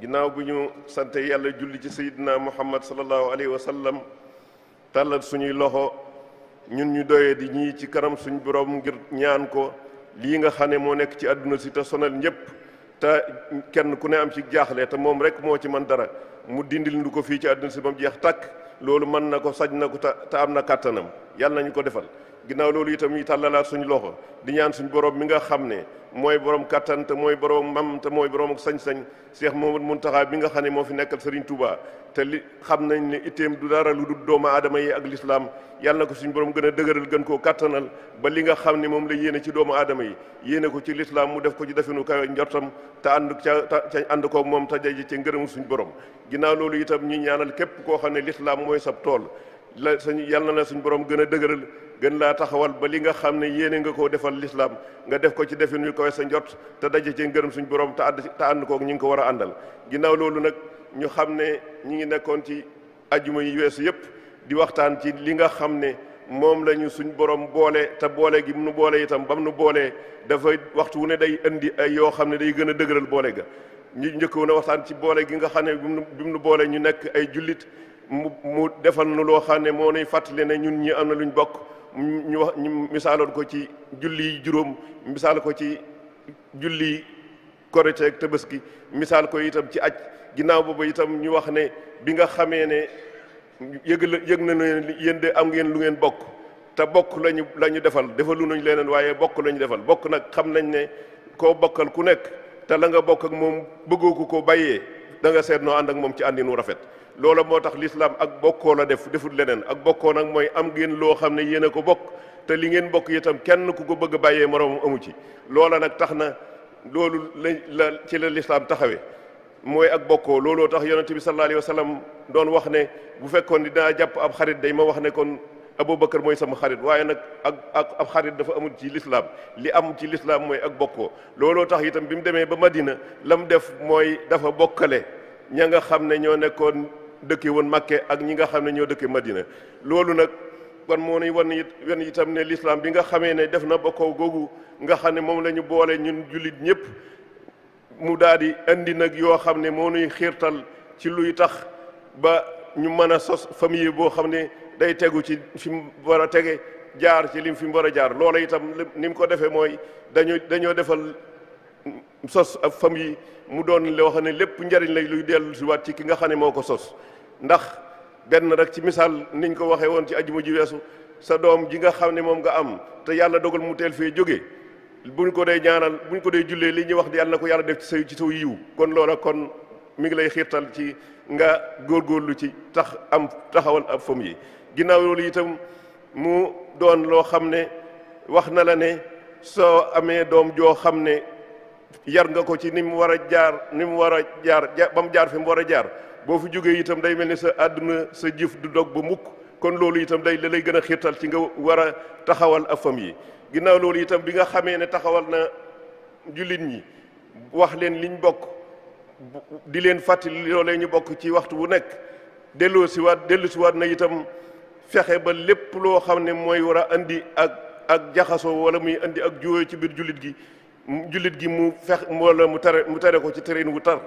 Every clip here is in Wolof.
ginnaaw bu ñu sante yàlla julli ci sayidina muhammad sallallahu alayhi wa sallam tàllal suñuy loxo ñun ñu doyee di ñii ci kanam suñu borom ngir ñaan ko lii nga xam ne moo nekk ci àdduna si te sonal ñëpp te kenn ku ne am ci jaaxle te moom rek moo ci man dara mu dindil ndu ko fii ci àdduna si ba mu jeex tàkk loolu mën na ko saj na ko te am na kàttanam yàlla nañu ko defal ginnaaw loolu itam ñuy tàllalaat suñu loxo di ñaan suñu borom mi nga xam ne mooy borom kattan te mooy borom mam te mooy borom sañ sañ-sañ Cheikh Mouhamadou Mountakha bi nga xam ne moo fi nekkal Serigne Touba te li xam nañ ne itteem du dara lu dul doomu aadama yi ak lislaam yàlla ko suñu borom gën a dëgëral gën koo kattanal ba li nga xam ne moom la yéene ci doomu aadama yi yéene ko ci lislaam mu def ko ci defenu kawe njortam te ànd ca ca ànd ko moom te jaji ci ngërëmu suñu borom ginnaaw loolu itam ñuy ñaanal képp koo xam ne lislaam mooy sab tool la suñ yàlla na suñu borom gën a dëgëral gën laa taxawal ba li nga xam ne yéene nga koo defal lislaam nga def ko ci defin yu kawe sa njot te daje ci ngërëm suñ borom te ànd te ànd koog ñi ngi ko war a àndal ginnaaw loolu nag ñu xam ne ñu ngi nekkoon ci ajuma yi weesu yëpp di waxtaan ci li nga xam ne moom la ñu suñ borom boole te boole gi nu boole itam ba mu nu boolee dafa waxtu wu ne day indi ay yoo xam ne day gën a dëgëral boole ga njëkk njëkkoon a waxtaan ci boole gi nga xam ne bi mu nu boole ñu nekk ay jullit mu mu defal nu loo xam ne moo nuy fàttali ne ñun ñi am na luñ bokk ñu wax ñu misaaloon ko ci julli juróom misaal ko ci julli korite ak tabaski misaal ko itam ci aj ginnaaw boobu itam ñu wax ne bi nga xamee ne yëg la yëg na ne yéen de am ngeen lu ngeen bokk te bokk lañu la defal defalu nañ leneen waaye bokk la ñu defal bokk nag xam nañ ne koo bokkal ku nekk te la nga bokk ak moom bëggoo ko koo bàyyee danga seet noo ànd ak moom ci àndin wu rafet loola moo tax lislaam ak bokkoo la def defut leneen ak bokkoo nag mooy am ngeen loo xam ne yéen a ko bokk te li ngeen bokk itam kenn ku ko bëgg a bàyyee moroomam amu ci loola nag tax na loolu la la ci la lislaam taxawee mooy ak bokkoo looloo tax yonente bi sallallahu alayhi wa sallam doon wax ne bu fekkoon ni jàpp ab xarit day ma wax ne kon Aboubacar mooy sama xarit waaye nag ak ak ab xarit dafa amul ci lislaam li am ci lislaam mooy ak bokkoo looloo tax itam bi mu demee ba Madina la mu def mooy dafa bokkale ña nga xam ne ñoo nekkoon dëkke woon Màkke ak ñi nga xam ne ñoo dëkke Madina loolu nag kon moo nuy wan it wan yitam ne lislaam bi nga xamee ne def na ba kaw googu nga xam ne moom lañu ñu boole ñun jullit ñëpp mu daal di indi nag yoo xam ne moo nuy xiirtal ci luy tax ba ñu mën a sos famille boo xam ne day tegu ci fi mu war a tege jaar ci lim fi mu war a jaar loola itam ni mu ko defee mooy dañu dañoo defal sos ab famille mu doon loo xam ne lépp njariñ lay luy dellu si waat ci ki nga xam ne moo ko sos ndax benn rek ci misaal niñ ko waxee woon ci ajuma ji weesu sa doom ji nga xam ne moom nga am te yàlla dogal mu teel fee jóge buñ ko dee ñaanal buñ ko dee jullee li ñuy wax di yàlla na ko yàlla def ci sa ci saw yiw kon loola kon mi ngi lay xiirtal ci nga góor góorgóorlu ci tax am taxawal ab famille yi ginnaaw loolu itam mu doon loo xam ne wax na la ne soo amee doom joo xam ne yar nga ko ci ni mu war a jaar ni mu war a jaar ba mu jaar fi mu war a jaar boo fi jógee itam day mel ni sa àdduna sa jif du dog ba mukk kon loolu itam day la lay gën a xiirtal ci nga war a taxawal ab famille ginnaaw loolu itam bi nga xamee ne taxawal na jullit ñi wax leen liñ bokk di leen fàttali loolee ñu bokk ci waxtu bu nekk delloo si waat dellu si waat na itam fexe ba lépp loo xam ne mooy war a andi ak ak jaxasoo wala muy indi ak juwoo ci biir jullit gi jullit gi mu fex wala mu tere mu tere ko ci terrain wu tar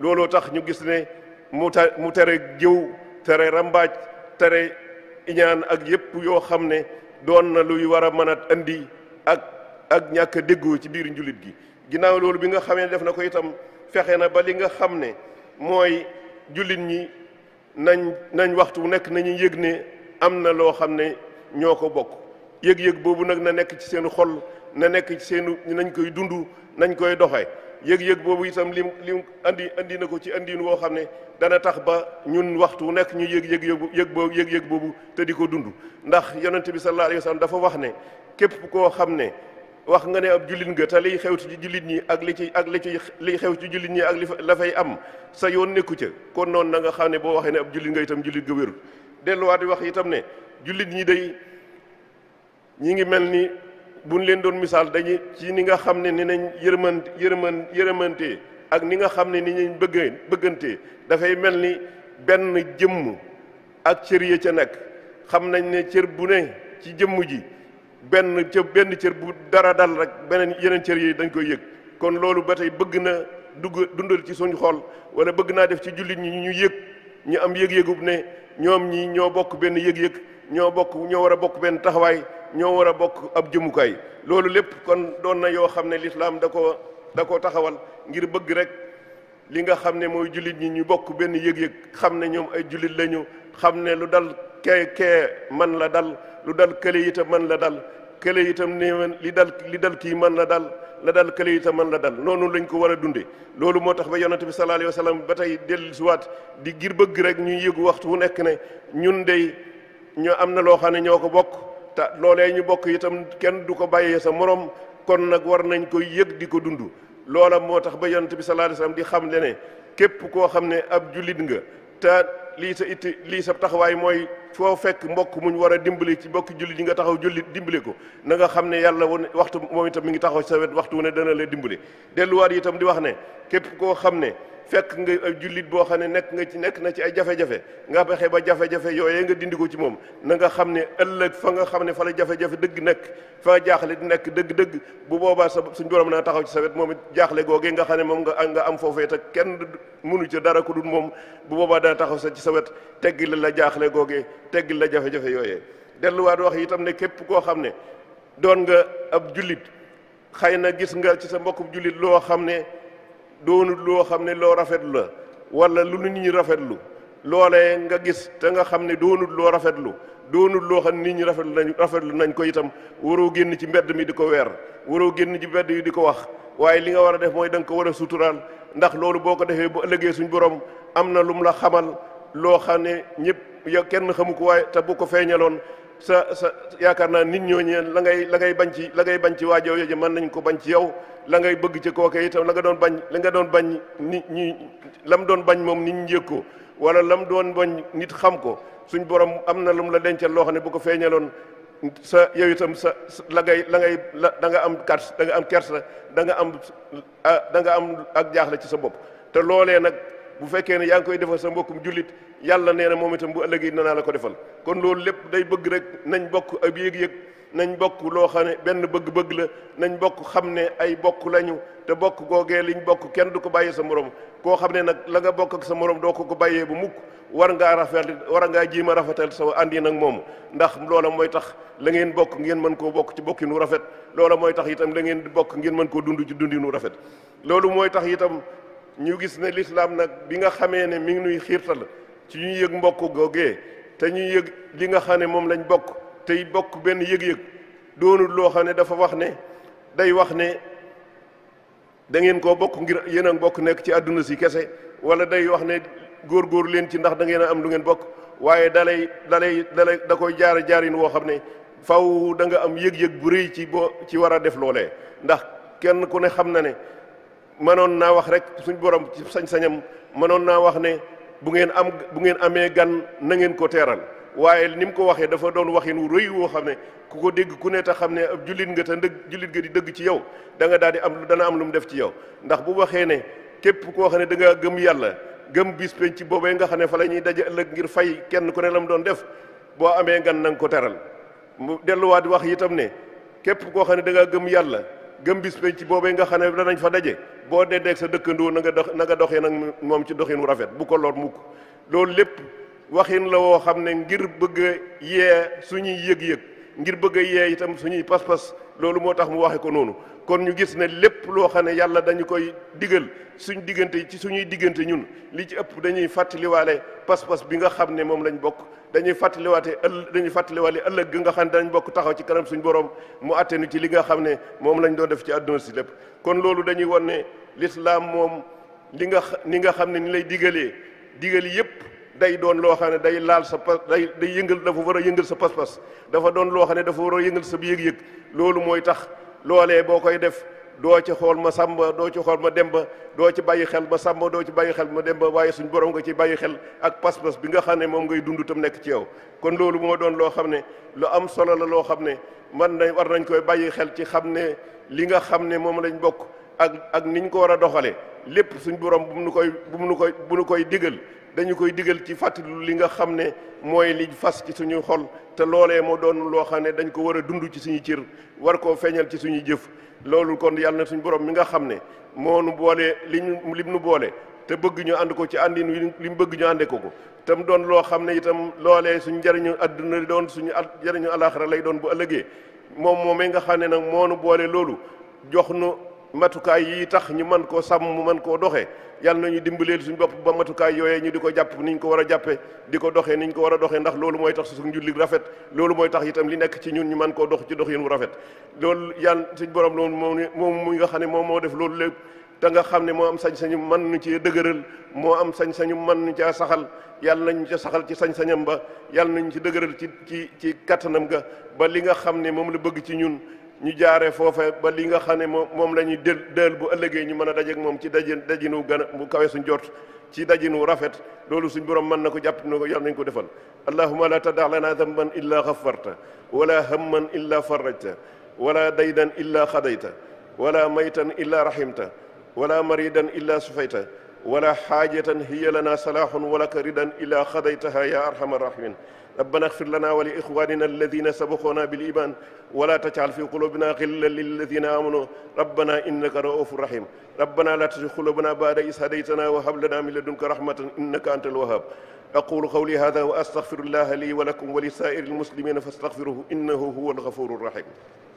looloo tax ñu gis ne mu ta mu tere jëw tere rambaaj tere iñaan ak yépp yoo xam ne doon na luy war a mën a indi ak ak ñàkk a déggoo ci biir jullit gi ginnaaw loolu bi nga xamee ne def na ko itam fexe na ba li nga xam ne mooy jullit ñi nañ nañ waxtu wu nekk nañu yëg ne am na loo xam ne ñoo ko bokk yëg-yëg boobu nag na nekk ci seen xol na nekk seenu nañ koy dund nañ koy doxe yëg-yëg boobu itam lim lim indi indi na ko ci andiin woo xam ne dana tax ba ñun waxtu nekk ñu yëg yëg yëg boobu yëg-yëg boobu te di ko dund ndax yonent bi sallallahu alayhi wa dafa wax ne képp koo xam ne wax nga ne ab jullit nga te liy xew ci jullit ñi ak li ci ak li ci liy xew ci jullit ñi ak li la fay am sa yoon nekku ca kon noonu na nga xam ne boo waxee ne ab jullit nga itam jullit nga wérul delluwaat di wax itam ne jullit ñi day ñi ngi mel ni buñ leen doon misaal dañu ci ni nga xam ne ni nañ yërmant yërmant yërëmantee ak ni nga xam ne ni nañ bëgg bëggantee dafay mel ni benn jëmm ak cër ya ca nekk xam nañ ne cër bu ne ci jëmm ji benn ca benn cër bu dara dal rek beneen yeneen cër yi dañ koy yëg kon loolu ba tey bëgg na dugg dundal ci suñu xool wala bëgg naa def ci jullit ñi ñu yëg ñu am yëg-yëgub ne ñoom ñi ñoo bokk benn yëg-yëg ñoo bokk ñoo war a bokk benn taxawaay ñoo war a bokk ab jëmukaay loolu lépp kon doon na yoo xam ne lislaam da koo da koo taxawal ngir bëgg rek li nga xam ne mooy jullit ñi ñu bokk benn yëg-yëg xam ne ñoom ay jullit lañu xam ne lu dal kee kee man la dal lu dal kële itam man la dal kële itam ne li dal li dal kii man la dal la dal kële itam man la dal noonu lañ ko war a dunde loolu moo tax ba yonante bi sallallahu alayhi wa sallam ba tey dellusiwaat di ngir bëgg rek ñuy yëgu waxtu wu nekk ne ñun dey ñoo am na loo xam ne ñoo ko bokk te loolee ñu bokk itam kenn du ko bàyyee sa moroom kon nag war nañ koy yëg di ko dund loola moo tax ba yonent bi sallallahu alayhi wasallam di xam le ne képp koo xam ne ab jullit nga te lii sa it lii sa taxawaay mooy foo fekk mbokk mu muñ war a dimbali ci mbokk jullit yi nga taxaw julli dimbale ko nanga xam ne yàlla woon waxtu moom itam mi ngi taxaw sa wet waxtu wu ne dana la dimbali delluwaat itam di wax ne képp koo xam ne fekk nga jullit boo xam ne nekk nga ci nekk na ci ay jafe nga fexe ba jafe nga dindi ko ci moom na nga xam ne ëllëg fa nga xam ne fa la dëgg nekk fa nga di nekk dëgg-dëgg bu boobaa sa suñ borom naa taxaw ci sa wet moom it jaaxle googee nga xam ne moom nga nga am foofee te kenn mënu ca dara ko dul moom bu boobaa dana taxaw sa ci sa wet teggil la jaaxle googee teggil la jafe-jafe yooyee delluwaat wax itam ne képp koo xam ne doon nga ab jullit xëy na gis nga ci sa mbokku jullit loo xam ne doonul loo xam ne loo rafetlu la wala lu nit ñi rafetlu loolee nga gis te nga xam ne doonul loo rafetlu doonul loo xam ne nit ñi rafetlu nañ rafetlu nañ ko itam waroo génn ci mbedd mi di ko weer waroo génn ci mbedd yi di ko wax waaye li nga war a def mooy da ko war a suturaal ndax loolu boo ko defee bu suñ borom am loo xam ne ñëpp ya kenn xamu ko waaye te bu ko feeñaloon sa sa yaakaar naa nit ñooñu la ngay la ngay bañ ci la ngay bañ ci waajoo yooyu man nañ ko bañ ci yow la ngay bëgg ci kooke itam la nga doon bañ la nga doon bañ nit ñi lam doon bañ moom nit ñi wala lam doon bañ nit xam ko suñ borom am na lu mu la dencal loo xam ne bu ko feeñaloon sa yow itam sa la ngay la ngay la da am kars danga nga am kersa da nga am ah, da nga am ak jaaxle ci sa bopp te loolee nag. bu fekkee ne yaa ngi koy defal sa mbokkum jullit yàlla nee na moom itam bu ëllëgee nanaa la ko defal kon loolu lépp day bëgg rek nañ bokk ab yëg-yëg nañ bokk loo xam ne benn bëgg-bëgg la nañ bokk xam ne ay bokk lañu te bokk googee liñ bokk kenn du ko bàyyee sa morom koo xam ne nag la nga bokk ak sa morom doo ko ko bàyyee bu war ngaa rafet war ngaa jéem rafetal sa ànd nag moom ndax loola mooy tax la ngeen bokk ngeen mën koo bokk ci bokkinu rafet loola mooy tax itam la ngeen bokk ngeen mën koo dund ci dundinu rafet loolu mooy tax itam ñu gis ne lislaam nag bi nga xamee ne mi ngi nuy xiirtal ci ñu yég mbokk googee te ñu yëg li nga xam ne moom lañ bokk tey bokk benn yég yëg doonul loo xam ne dafa wax ne day wax ne da ngeen bokk ngir yéen a nekk ci àdduna si kese wala day wax ne góor-góor leen ci ndax da a am lu ngeen bokk waaye dalay dalay dalay da koy jaara jaarin woo xam ne faw danga am yëg-yëg bu rëy ci boo ci war a def loolee ndax kenn ku ne xam na ne mënoon naa wax rek suñ borom ci sañ-sañam mënoon naa wax ne bu ngeen am bu ngeen amee gan na ngeen ko teeral waaye ni mu ko waxee dafa doon waxin wu rëy woo xam ne ku ko dégg ku ne te xam ne ab nga te ndëgg jullit nga di dëgg ci yow da nga daal di am dana am lu mu def ci yow ndax bu waxee ne képp koo xam ne da nga gëm yàlla gëm bis penc ci boobee nga xam ne fa la ñuy daje ëllëg ngir fay kenn ku ne la mu doon def boo amee gan na ko teral mu delluwaat wax itam ne képp koo xam ne da nga gëm yàlla gëm bis penc ci boobee nga xam ne danañ fa daje boo dee deeg sa dëkkandoo na nga dox na nga doxee nag moom ci doxin wu rafet bu ko lor mukk loolu lépp waxin la woo xam ne ngir bëgg a yee suñuy yëg-yëg ngir bëgg yee itam suñuy pas-pas loolu moo tax mu waxe ko noonu kon ñu gis ne lépp loo xam ne yàlla dañu koy digal suñ diggante ci suñuy diggante ñun li ci ëpp dañuy fàttaliwaale pas-pas bi nga xam ne moom lañu bokk dañuy fàttaliwaate ëll dañuy fàttaliwaale ëllëg gi nga xam ne dañ bokk taxaw ci kanam suñu borom mu àtte nu ci li nga xam ne moom lañ doon def ci àdduna si lépp kon loolu dañuy wan ne lislaam moom li nga ni nga xam ne ni lay digalee digal yépp day doon loo xam ne day laal sa pas day day yëngal dafa war a yëngal sa pas dafa doon loo xam ne dafa war a yëngal sa yëg-yëg loolu mooy tax loolee boo koy def doo ci xool ma sàmba doo ci xool ma demba doo ci bàyyi xel ma sàmba doo ci bàyyi xel ma demba waaye suñu borom nga ci bàyyi xel ak pas-pas bi nga xam ne moom ngay dund tam nekk ci yow kon loolu moo doon loo xam ne lu am solo la loo xam ne man nañ war nañ koy bàyyi xel ci xam ne li nga xam ne moom lañ bokk ak ak niñ ko war a doxalee lépp suñ borom bu nu koy bu nu koy bu nu koy digal dañu koy digal ci fàttali li nga xam ne mooy li fas ci suñuy xol te loolee moo doon loo xam ne dañ ko war a dund ci suñu cër war koo feeñal ci suñuy jëf loolu kon yàlla na suñu borom mi nga xam ne moo nu boole li ñu mu nu boole te bëgg ñu ànd ko ci àndin wi li mu bëgg ñu àndee ko ko tam doon loo xam ne itam loolee suñu njëriñu adduna doon suñu njëriñu alaxira lay doon bu ëllëgee moom moomee nga xam ne nag moo nu boole loolu jox nu matukaay yii tax ñu mën koo sàmm mu mën koo doxee yàlla nañu dimbaleel suñu bopp ba matukaay yooye ñu di ko jàpp niñ ko war a jàppee di ko doxee niñ ko war a doxee ndax loolu mooy tax suñu julli rafet loolu mooy tax itam li nekk ci ñun ñu man koo dox ci doxin wu rafet loolu yàlla suñ borom loolu moom moom mu nga xam ne moom moo def loolu lépp te nga xam ne moo am sañ-sañu mën nu cee dëgëral moo am sañ-sañu mën nu caa saxal yàlla nañu ca saxal ci sañ-sañam ba yàlla nañu ci dëgëral ci ci ci kattanam ga ba li nga xam ne moom la bëgg ci ñun ñu jaare foofe ba lii nga xam ne moom moom la ñuy dël dël bu ëllëgee ñu mën a dajeek moom ci dajin dajinu gën a bu kawe suñ jot ci dajin wu rafet loolu suñ borom mën na ko jàpp na ko yàlla nañ ko defal allahuma la tadaa lana damban illa xafarta wala hamman illa farajta wala daydan illa xadayta wala maytan illa rahimta wala maridan illa sufayta wala xaajatan hiya lana salahun walaka ridan illa xadaytaha ya arhamar rahimin ربنا اغفر لنا ولإخواننا الذين سبقونا بالإيمان ولا تجعل في قلوبنا غلا للذين آمنوا ربنا إنك رؤوف رحيم ربنا لا تزغ قلوبنا بعد إذ هديتنا وهب لنا من لدنك رحمة إنك أنت الوهاب أقول قولي هذا وأستغفر الله لي ولكم ولسائر المسلمين فاستغفروه إنه هو الغفور الرحيم